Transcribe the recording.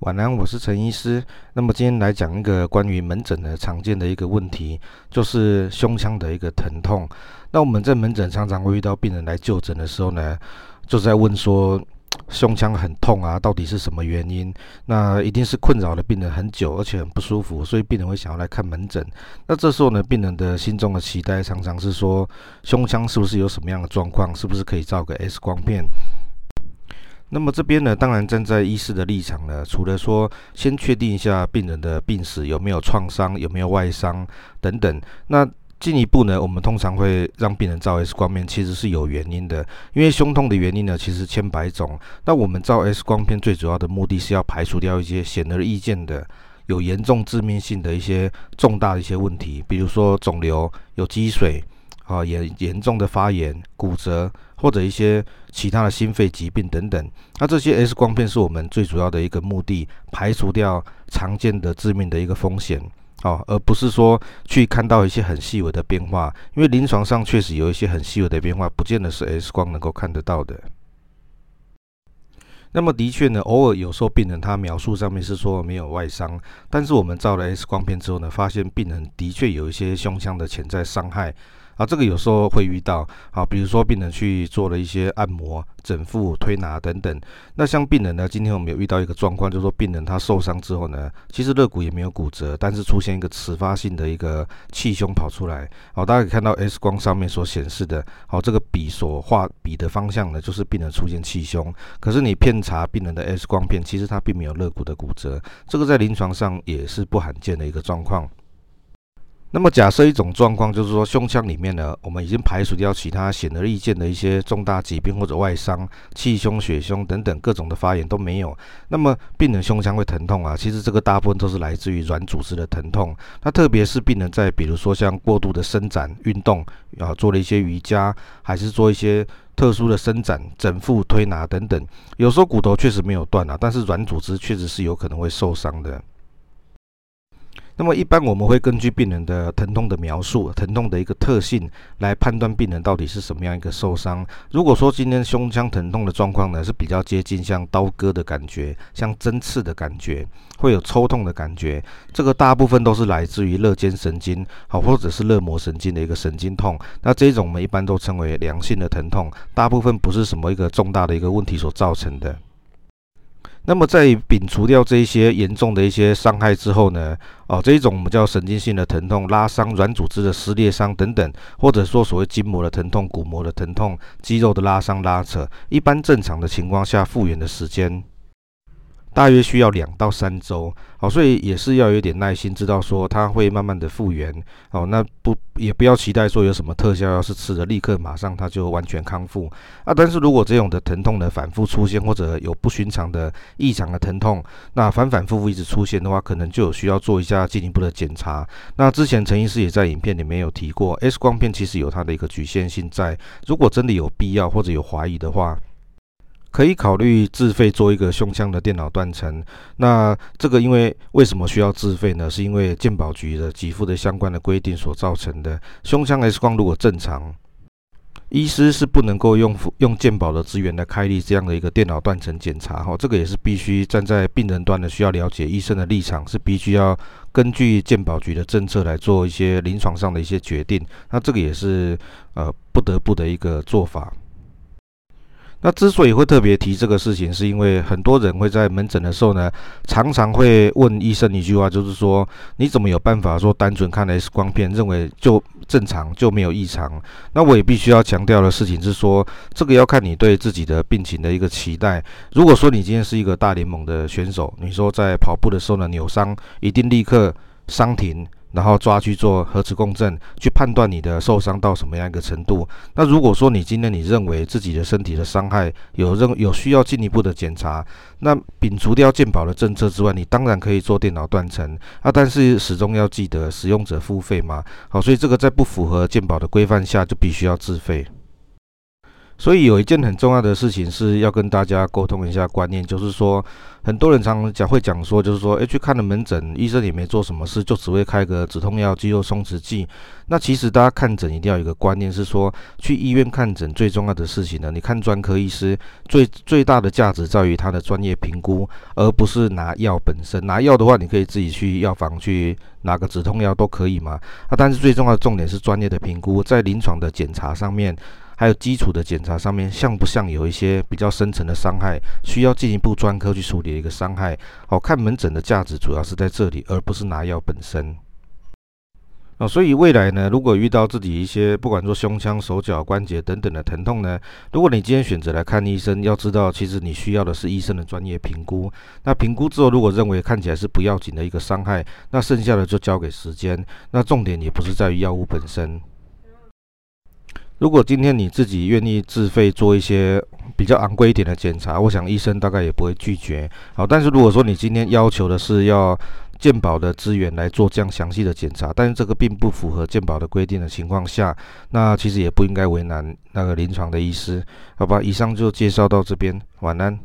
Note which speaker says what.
Speaker 1: 晚安，我是陳醫師。那麼今天來講一個關於門診的常見的一個問題，就是胸腔的一個疼痛。那我們在門診常常會遇到病人來就診的時候呢，就在問說胸腔很痛啊，到底是什麼原因？那一定是困擾了病人很久，而且很不舒服，所以病人會想要來看門診。那這時候呢，病人的心中的期待常常是說胸腔是不是有什麼樣的狀況，是不是可以照個 X 光片？那麼這邊呢，當然站在醫師的立場呢，除了說先確定一下病人的病史有沒有創傷、有沒有外傷等等，那進一步呢，我們通常會讓病人照 X 光片，其實是有原因的。因為胸痛的原因呢，其實千百種。那我們照 X 光片最主要的目的是要排除掉一些顯而易見的、有嚴重致命性的一些重大的一些問題，比如說腫瘤、有積水。啊，嚴嚴重的發炎、骨折或者一些其他的心肺疾病等等。那這些 X 光片是我們最主要的一個目的，排除掉常見的致命的一個風險。哦，而不是說去看到一些很細微的變化，因為臨床上確實有一些很細微的變化，不見得是 X 光能夠看得到的。那麼的確呢，偶爾有時候病人他描述上面是說沒有外傷，但是我們照了 X 光片之後呢，發現病人的確有一些胸腔的潛在傷害。啊，這個有時候會遇到啊，比如說病人去做了一些按摩、整復、推拿等等。那像病人呢，今天我們有遇到一個狀況，就是說病人他受傷之後呢，其實肋骨也沒有骨折，但是出現一個遲發性的一個氣胸跑出來。好，大家可以看到 X 光上面所顯示的，好，這個筆所畫筆的方向呢，就是病人出現氣胸。可是你遍查病人的 X 光片，其實他並沒有肋骨的骨折，這個在臨床上也是不罕見的一個狀況。那麼假設一種狀況，就是說胸腔裡面呢，我們已經排除掉其他顯而易見的一些重大疾病或者外傷、氣胸、血胸等等，各種的發炎都沒有。那麼病人胸腔會疼痛啊，其實這個大部分都是來自於軟組織的疼痛。那特別是病人在比如說像過度的伸展運動，啊做了一些瑜伽，還是做一些特殊的伸展、整復、推拿等等。有時候骨頭確實沒有斷啊，但是軟組織確實是有可能會受傷的。那麼一般我們會根據病人的疼痛的描述，疼痛的一個特性來判斷病人到底是什麼樣一個受傷。如果說今天胸腔疼痛的狀況呢，是比較接近像刀割的感覺，像針刺的感覺，會有抽痛的感覺，這個大部分都是來自於肋間神經，好，或者是肋膜神經的一個神經痛。那這種我們一般都稱為良性的疼痛，大部分不是什麼一個重大的一個問題所造成的。那麼在摒除掉這些嚴重的一些傷害之後呢，哦，這一種我們叫神經性的疼痛、拉傷、軟組織的撕裂傷等等，或者說所謂筋膜的疼痛、骨膜的疼痛、肌肉的拉傷、拉扯，一般正常的情況下，復原的時間，大約需要兩到三周，好，所以也是要有點耐心，知道說它會慢慢的復原，好，那不也不要期待說有什麼特效藥是吃了立刻馬上它就完全康復啊。但是如果這種的疼痛呢，反復出現，或者有不尋常的異常的疼痛，那反反復復一直出現的話，可能就有需要做一下進一步的檢查。那之前陳醫師也在影片裡面有提過，X 光片其實有它的一個局限性在，如果真的有必要或者有懷疑的話。可以考慮自費做一個胸腔的電腦斷層。那這個因為為什麼需要自費呢？是因為健保局的給付的相關的規定所造成的。胸腔 X 光如果正常，醫師是不能夠用用健保的資源來開立這樣的一個電腦斷層檢查。哈、哦，這個也是必須站在病人端的需要了解醫生的立場，是必須要根據健保局的政策來做一些臨床上的一些決定。那這個也是呃不得不的一個做法。那之所以會特別提這個事情，是因為很多人會在門診的時候呢，常常會問醫生一句話，就是說你怎麼有辦法說單純看 X 光片認為就正常就沒有異常？那我也必須要強調的事情是說，這個要看你對自己的病情的一個期待。如果說你今天是一個大聯盟的選手，你說在跑步的時候呢扭傷，一定立刻傷停。然後抓去做核磁共振，去判斷你的受傷到什麼樣一個程度。那如果說你今天你認為自己的身體的傷害有任有需要進一步的檢查，那摒除掉健保的政策之外，你當然可以做電腦斷層啊。但是始終要記得使用者付費嘛。好，所以這個在不符合健保的規範下，就必須要自費。所以有一件很重要的事情是要跟大家溝通一下觀念，就是說，很多人常常講會講說，就是說，誒，去看了門診，醫生也沒做什麼事，就只會開個止痛藥、肌肉鬆弛劑。那其實大家看診一定要有一個觀念是說，去醫院看診最重要的事情呢，你看專科醫師最最大的價值在於他的專業評估，而不是拿藥本身。拿藥的話，你可以自己去藥房去拿個止痛藥都可以嘛。啊，但是最重要的重點是專業的評估，在臨床的檢查上面。還有基礎的檢查上面，像不像有一些比較深層的傷害，需要進一步專科去處理的一個傷害？好，哦，看門診的價值主要是在這裡，而不是拿藥本身。哦，所以未來呢，如果遇到自己一些不管說胸腔、手腳、關節等等的疼痛呢，如果你今天選擇來看醫生，要知道其實你需要的是醫生的專業評估。那評估之後，如果認為看起來是不要緊的一個傷害，那剩下的就交給時間。那重點也不是在於藥物本身。如果今天你自己願意自費做一些比較昂貴一點的檢查，我想醫生大概也不會拒絕。好，但是如果說你今天要求的是要健保的資源來做這樣詳細的檢查，但是這個並不符合健保的規定的情況下，那其實也不應該為難那個臨床的醫師。好吧，以上就介紹到這邊，晚安。